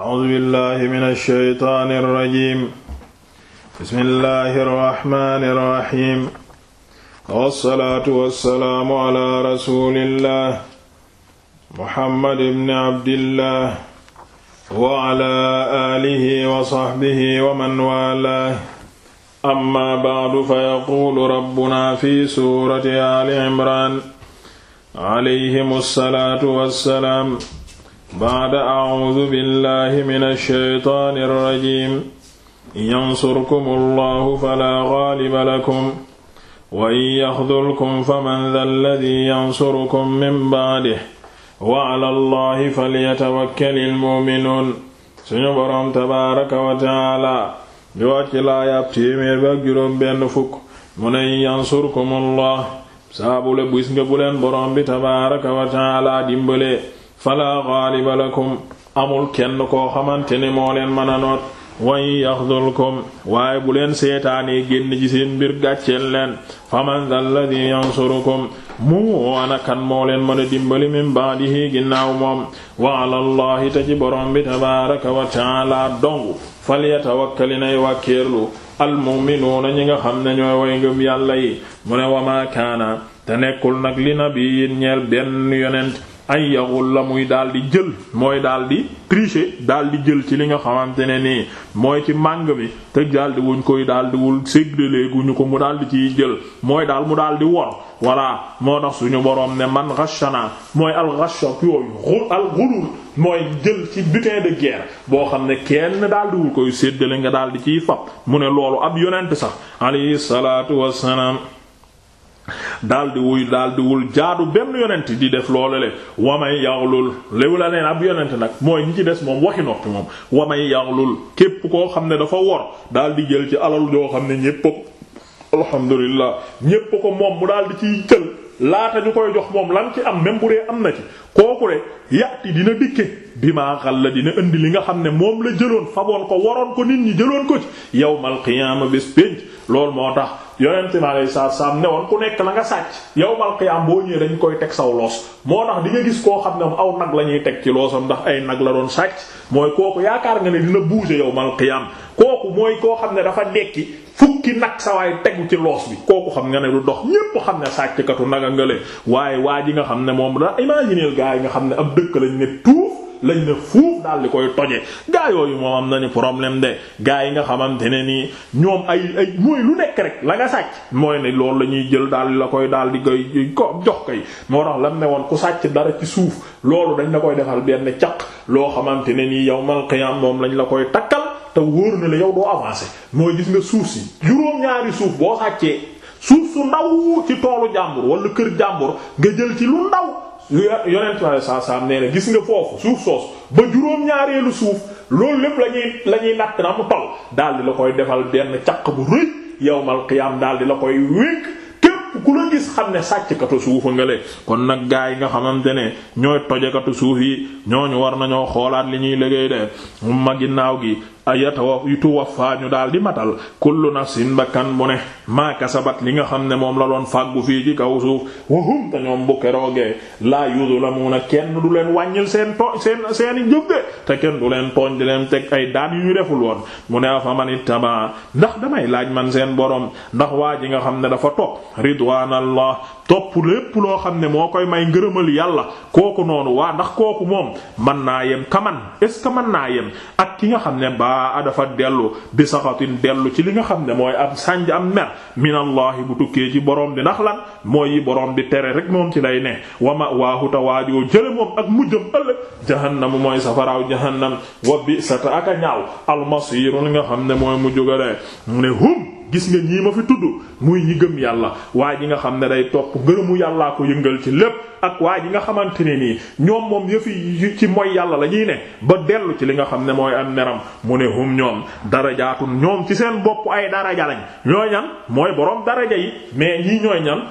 a'uuzu billaahi mina shaytaani rajiim bismillaahi rahmaani rahiim wassalaatu wassalaamu alaa rasuulillaah muhammad ibn abdillaah wa alaa aalihi wa sahbihi wa man waalaah amma ba'du fa yaquulu rabbunaa fi suurati aali imraan alayhimu salaatu wassalaam baada acuudu billahi min alsheytaan alrajim yansurkum allahu fala gaaliba lakum wa in yaxdulkum faman da alladi yansurukum min baadih wa ala allahi falyatawakkali almuminuun suñu boroom tabaaraka wa taala di wàcc laayaab téeméer bi ak juróom benn fukk mu ne yansurkum allah saabule bis nga bu leen boroom bi tabaaraka wa taala dimbalee fala gaaliba lakum amul kenn ko xamante ne moo leen mën a wa way yaxdulkum waaye bu leen seetaanee génn ci seen mbir gàcceel leen faman dalladi yansurukum mu ana kan moo leen mën a dimbali min baadihi ginnaaw moom wa ala llahi te ci borom bi tabaraka wa taala dong falyatawakkali nay wàkkeerlu almuminuuna ñi nga xam ne ñooy way ngëm yàlla yi mu ne wamaakaana te nekkul nag li nabiyin ñeel benn yonent ay yaxul la muy daal di jël mooy daal di tricher daal di jël ci li nga xamante ne nii mooy ci màng mi te daal wuñ koy daal di wul gu ñu ko mu daal di ciy jël mooy daal mu daal di wor voilà moo tax suñu boroom ne man ghashana mooy al ghasha yooyu al ghulul mooy jël ci butin de guerre boo xam ne kenn daal di wul koy séddale nga daal di ciy fab mu ne loolu ab yonent sax alayhi wassalaam daal di wuy daal di wul jaadu benn yonent di def loolu le wamay yaxlul léwu la neen ab yonent nag mooy ñi ci des moom waxi noppi moom wamay yaxlul képp koo xam ne dafa wor daal di jël ci alal yoo xam ne ñépp alhamdulillah ñépp ko moom mu daal di ciy jël laata ñu koy jox moom lan ci am même bu am na ci kooku de yàtti dina dikke bi maa xal la dina indi li nga xam ne moom la jëloon faboon ko waroon ko nit ñi jëloon ko ci yawmal qiyaama bés pénc loolu moo tax yonente mi alei saatu salaam ne woon ku nekk la nga sàcc yawmal qiyaam boo ñëwee dañ koy teg saw loos moo tax di nga gis koo xam ne moom aw nag la ñuy teg ci loosam ndax ay nag la doon sàcc mooy kooku yaakaar nga ne dina bouger yawmal qiyaam kooku mooy koo xam ne dafa dekki fukki nag sawaay tegu ci loos bi kooku xam nga ne du dox ñépp xam ne sàcckatu naga ngale waaye waa ji nga xam ne moom da imaginer gaa yi nga xam ne ab dëkk lañ ne tuuf lañ ne fuuf daal koy toje gaa yooyu moom am nañu problème de gaa yi nga xamante ne nii ñoom ay ay mooy lu nekk rek la nga sàcc mooy ne loolu la ñuy jël daal di la koy daal di koy ko jox koy moo tax lam ne woon ku sàcc dara ci suuf loolu dañ la koy defal benn caq loo xamante ne nii yawmal qiyaam moom lañ la koy takkal te wóor na la yow doo avancé mooy gis nga suuf si juróom-ñaari suuf boo sàccee suuf su ndaw ci toolu jàmbur wala kër jàmbur nga jël ci lu ndaw yonent bi alei saatu salaam nee na gis nga foofu suuf soos ba juróom-ñaareelu suuf loolu lépp lañuy ñuy la ñuy natt na mu toll daal di la koy defal benn caq bu rëy yawmal qiyaam daal di la koy wékk ku la gis xam ne sàcckatu suufa nga le kon nag gaa yi nga xamante ne ñooy tojakatu suuf yi ñooñu war nañoo xoolaat li ñuy liggéey de ma gi tu ayatawa tuwaffa ñu daal di matal kullu nafsin bakkan bu ne maa kasabat li nga xam ne moom la doon fàggu fii ci kaw suuf wahum te ñoom bu keroogee laa yuzlamuna kenn du leen wàññil seen tooñ seen seeni jëf te kenn du leen tooñ di leen teg ay daan yu ñu deful woon mu ne afa man ittaba ndax damay laaj man seen borom ndax waa ji nga xam ne dafa topp ridwaanallah topp lépp loo xam ne moo koy may ngërëmal yàlla kooku noonu waa ndax kooku moom man naa yem kaman est ce que man naa yem a dafa dellu bi saxatin dellu ci li nga xam ne mooy am sànj am mer minallahi bu tukkee ci borom bi ndax la mooy yi borom bi tere rek moom ci lay ne wa ma waahu tawaajoo jële moom ak mujjam ëllëg jahannamu mooy safaraaw jahannam wa bi sata ak a ñaaw almasiiru li nga xam ne mooy mujj ga mu ne hum gis nga ñii ma fi tudd muy ñi gëm yàlla waa ji nga xam ne day topp ngërëmu yàllaa ko yëngal ci lépp ak waa ji nga xamante ne nii ñoom moom yëfi ci mooy yàlla la ñuy ne ba dellu ci li nga xam ne mooy am neram mu ne hum ñoom darajaatun ñoom ci seen bopp ay daraja lañ ñooy ñan mooy boroom daraja yi mais ñii ñooy ñan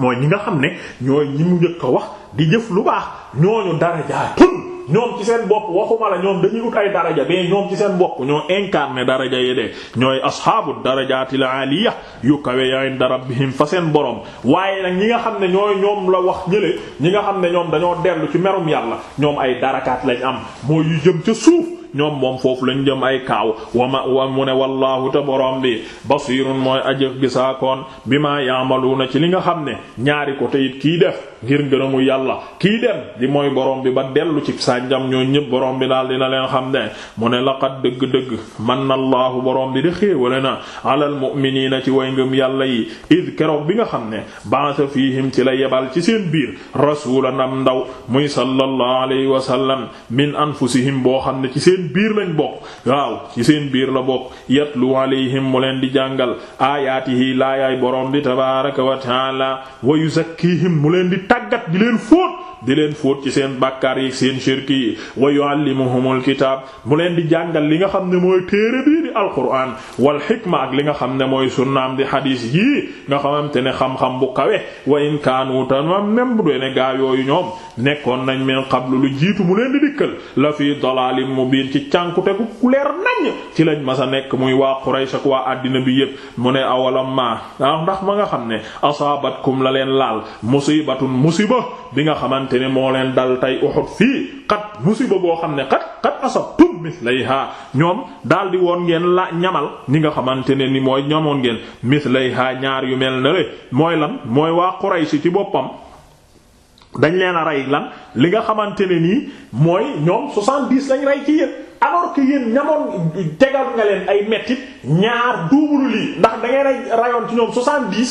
mooy ñi nga xam ne ñooy ñi mu njëkk wax di jëf lu baax ñooñu darajaatun ñoom ci seen bopp waxuma la ñoom dañuy ut ay daraja mais ñoom ci seen bopp ñoo incarné daraja yi de ñooy asxaabu darajaatil aliya yu kawe ya inda rabbihim fa seen borom waaye nag ñi nga xam ne ñooy ñoom la wax ñële ñi nga xam ne ñoom dañoo dellu ci merum yàlla ñoom ay darakaat lañ am mooy yu jëm ca suuf. ñoom moom foofu lañ jëm ay kaaw wa ma wa mu ne wallaahu te borom bi basiirun mooy aji gisaakoon bi maa na ci li nga xam ne ñaari ko teyit kii def ngir ngërëmu yàlla kii dem di mooy boroom bi ba dellu ci sànjam ñoo ñëpp borom bi daal dina leen xam ne mu ne la laqad dëgg-dëgg man allaahu boroom bi di xéewale na alal mu'miniina ci way ngëm yàlla yi id keroog bi nga xam ne ba'atha fiihim ci la yebal ci seen biir rasuulan am ndaw muy sallallahu alayhi seen biir lañ bokk waaw ci seen biir la bokk yatlu alayhim mu leen di jàngal laay laayaay borom bi tabaaraka wa taala wa yuzakkihim mu leen di tàggat di leen fóot di leen fóot ci seen bàkkaar yi seen shirk yi wa yuallimuhumul kitaab mu leen di jàngal li nga xam ne mooy téere bii di alquran wal xikma ak li nga xam ne mooy sunnaam di xadiis yii nga xamante ne xam-xam bu kawe wa in kaanu tamam même bu doone yooyu ñoom nekkoon nañ min qablu lu jiitu mu leen di dikkal la fii dalaalin mubiin ci cànkute ku leer nañ ci lañ ma masa nekk muy waa Quraysh ak waa àddina bi yépp mu ne awalam ma ndax ma nga xam ne asaabatkum la leen laal xamante ne moo leen dal tey Uhud fii xat musiba boo xam ne xat xat lay mislayha ñoom daal di woon ngeen la ñamal ñi nga xamante ne ni mooy ñamoon ngeen mislayha ñaar yu mel lan mooy waa Quraysh ci boppam dañ leen a rey lan li nga xamante ne nii mooy ñoom 70 lañ rey ci yéen alors que yéen ñamoon tegal nga leen ay mettit ñaar duubulu lii ndax da ngeen rayoon ci ñoom 70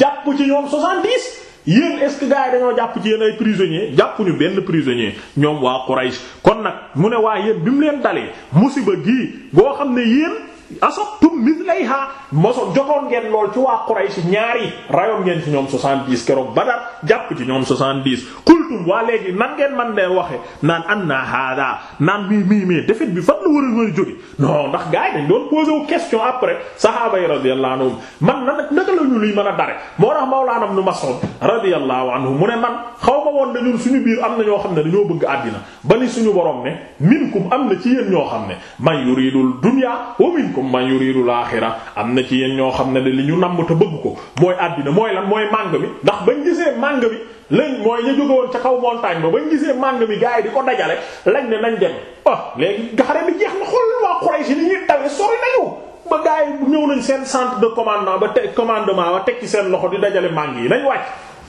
jàpp ci ñoom 70 yéen est dañoo jàpp ci yéen ay prisonnier jàppuñu benn prisonnier ñoom waa Quraysh kon nag mu ne waa yéen bi mu leen dalee musiba gii boo xam ne yéen asoktum mislayha moso jotoon ngeen lool ci waa Quraysh ñaari rayoon ngeen ci ñoom 70 keroog Badar jàpp ci ñoom 70 kultum waa léegi nan ngeen man de waxe naan an na hada naan mii mii mii defet bi fan la war a war a jóge ndax gars yi dañ doon posé wu question après sahaaba yi radiyallahu anhum man na nag naka la ñu luy mën a dare moo tax Mawlana Ibn Mas'ud radiyallahu anhu mu ne man xaw ma woon ne ñun suñu biir am na ñoo xam ne dañoo bëgg àddina ba ni suñu borom ne minkum am na ci yéen ñoo xam ne man yuridul dunya wa minkum man yuridul axira am na ci yéen ñoo xam ne de li ñu namm te bëgg ko mooy àddina mooy lan mooy màng mi ndax bañ gisee màng mi lañ mooy ñu jóge ca kaw montagne ba bañ gisee màng mi gars yi di ko dajale lañ ne nañ dem ah léegi xare bi jeex na xool waa Quraysh li ñuy dawe sori nañu ba gars yi ñëw nañ seen centre de commandement ba te commandement ba teg ci seen loxo di dajale màng yi nañ wàcc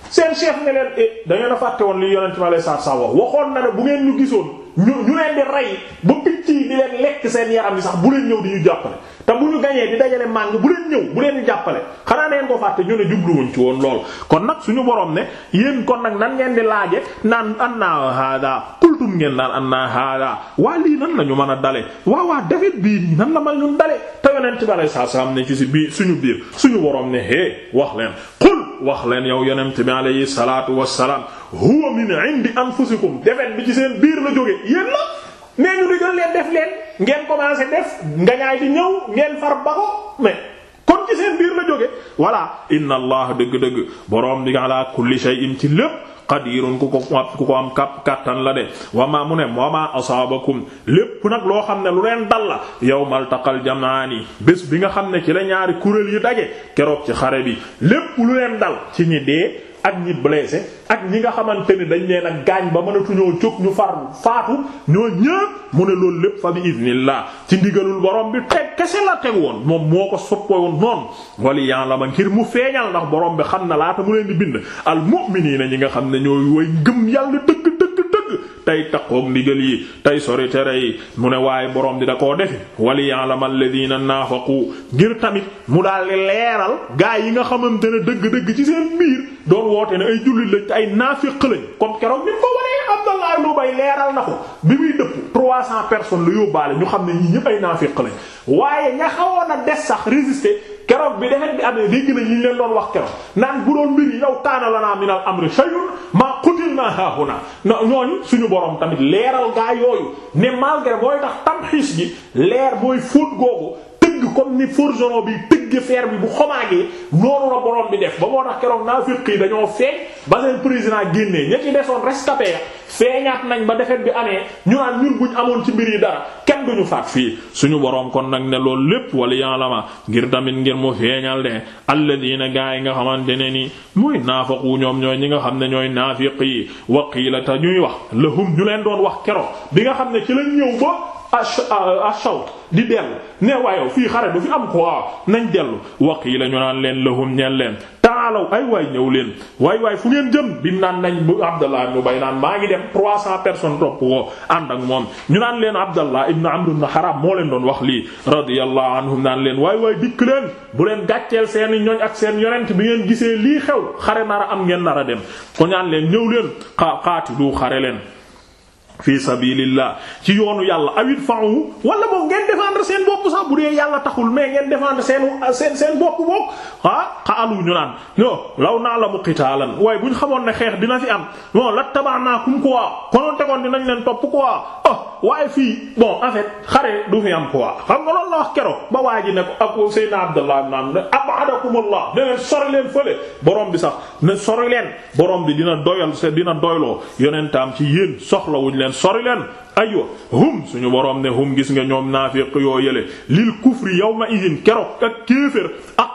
seen chef ne leen eh, da ngeen a fàtte woon li yonent ma lay sa sa wax waxoon na ne bu ngeen ñu gisoon ñu ñu leen di rey di leen lekk seen yaram yi sax bu leen ñëw di ñu jàppale te bu ñu gañee di dajale màng bu leen ñëw bu leen jàppale xanaa neen ko fàtte ñu ne jubluwuñ ci woon lool kon nag suñu borom ne yéen kon nag nan ngeen di laaje naan an naa haada kultum ngeen naan an naa haada waa lii nan na ñu man a dale waa waa defet bii nii nan la man ñun dale te yonent bi alei saat salaam ne ci si biir suñu biir suñu borom ne hee wax leen qul wax leen yow yonent bi alayhi salaatu wassalaam huwa min indi anfusikum bi ci seen ne ñu digal leen def leen ngeen commencé def ngañaay di ñëw ngeen far ba ko mais kon ci seen biir la jóge voilà inna allah dëgg-dëgg boroom bi ala kulli shay'in ci lépp qadirun ku ko ku ko am kap la de wa mu ne wa ma asaabakum lépp nag loo xam ne lu leen dal la yawmal taqal jamaani bés bi nga xam ne ci la ñaari kuréel yi daje keroog ci xare bi lépp lu leen dal ci ñi dee ak ñi blessé ak ñi nga xamante ne dañ leen a gaañ ba mënatuñoo jóg ñu far faatu ñoo ñëpp mu ne loolu lépp fa bi idnillah ci ndigalul borom bi teg kese la teg woon moom moo ko soppoo woon noonu wali ya'lama ngir mu feeñal ndax borom bi xam na laata mu leen di bind al mu'minina ñi nga xam ne ñoo way ngëm yàlla dëgg tey taqoog ndigal yi tey sori tere yi mu ne waaye borom di da koo defi wali ya'lam alladhina naafaqu ngir tamit mu daal di leeral gaa yi nga xamante ne dëgg-dëgg ci seen biir doon wootee ne ay jullit lañ te ay naafiq lañ comme keroog ni ko waree Abdallah ibn Ubay leeral na ko bi muy dëpp 300 personnes lu yóbbaale ñu xam ne ñii ñëpp ay naafiq lañ waaye ña xawoon a des sax résister. keroog bi defet bi amee dégg nañ ñu leen doon wax keroog naan bu doon mbir yi yow kaana lanaa minal amri shay'un maa qutilnaa haahuna ñooñu suñu borom tamit leeral gaa yooyu ne malgré booy tax tamxiis gi leer booy fóot googu tëgg comme ni forgeron bi tëgg fer bi bu xomaagee loolu la borom bi def ba moo tax keroog naafiq yi dañoo feeñ ba seen président génnee ña desoon rescapé feeñaat nañ ba defet bi amee ñu naan ñun buñ amoon ci mbir yi dara kenn duñu faat fii suñu boroom kon nag ne loolu lépp wala ma ngir tamit ngir mu feeñal de alladina gaa yi nga xamante ne ni muy naafaqu ñoom ñooy ñi nga xam ne ñooy naafiq yi yi waqiila te ñuy wax lahum ñu leen doon wax keroog a ashawt ah, ah, di dellu ne waayow fii xare du fi am quoi nañ dellu waq yi la ñu naan leen lahum ñeen leen taalaw ay waay ñëw leen waay waay fu ngeen jëm bi naan nañ bu abdallah ibn bay naan maa ngi dem 300 personnes topp ko ànd ak moom ñu naan leen abdallah ibn amr ibn haram moo leen doon wax lii radiyallahu anhum naan leen waay waay dikk leen bu leen gàcceel seen ñooñ ak seen yonent bi ngeen gisee lii xew xare nara am ngeen nara dem ko ñaan leen ñëw leen xaatilu xare leen fi sabilillah ci yoonu yàlla awit fa'u wala moom ngeen défendre seen bopp sax bu dee yàlla taxul mais ngeen défendre seen seen seen bopp bopp ah xaalu naan law naa la mu qitaalan waaye bu ñu xamoon ne xeex dina fi am non la tabaanaakum quoi konoon tegoon dinañ leen topp quoi ah waaye fii bon en xare du fi am quoi xam nga loolu la wax keroog ba waa ji ne ko ak Seydina Abdallah ibn Amr abadakumullah ne leen sori leen fële borom bi sax ne sori leen borom bi dina doyal dina doyloo yonentam leen sori leen aywa hum suñu boroom ne hum gis nga ñoom naafiq yoo yële lil kufri yawma idin keroog ak kéefër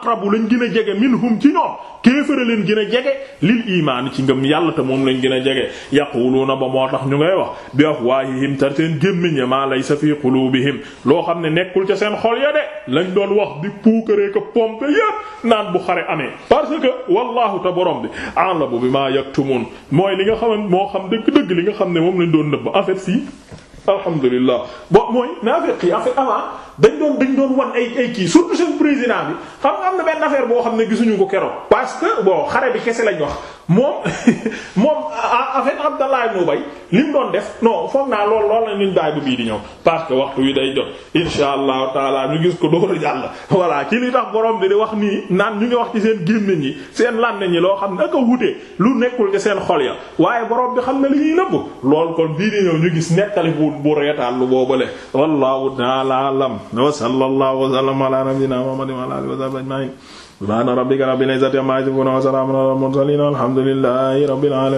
aqrabu lañ gën a jege minhum ci ñoom kéefëra leen gën a jege lil imaan ci ngëm yàlla te moom lañ gën a jege na ba moo tax ñu ngay wax bi afwaahihim tar seen gémmiñ ya maa laysa fi quluubihim loo xam ne nekkul ca seen xol ya de lañ doon wax di puukaree ko pompe yépp naan bu xare amee parce que wallahu te borom bi la bu bi maa bimaa yaktumuun mooy li nga xam moo xam dëgg-dëgg li nga xam ne moom lañ doon nëbb en fait alhamdulilah bo mooy naafeq yi en fait avant dañ doon dañ doon wan ay ay kii surtout seen président bi xam nga am na benn affaire boo xam ne gisuñu ko keroog parce que bon xare bi kese lañ wax moom moom a fait Abdallah ibn Ubay li mu doon def non foog naa lool lool lañ leen daay bu bii di ñëw parce que waxtu wi day jot insha allahu taala ñu gis ko door a jàll. ci li tax borom bi di wax nii naan ñu ngi wax ci seen gémmiñ ñi seen làmmiñ ñi loo xam ne aka wute lu nekkul ci seen xol ya waaye borom bi xam na li ñuy nëbbu lool kon bii di ñëw ñu gis nettali bu bu reetaan lu boobale. wallahu taala alam wa sallallahu wa sallama ala la muhammadin wa ala a wa sahbihi ajma'in subhaana rabbika rabbil izzati amma yasifuun wa salaamun alal mursaliin walhamdulillaahi rabbil aalamiin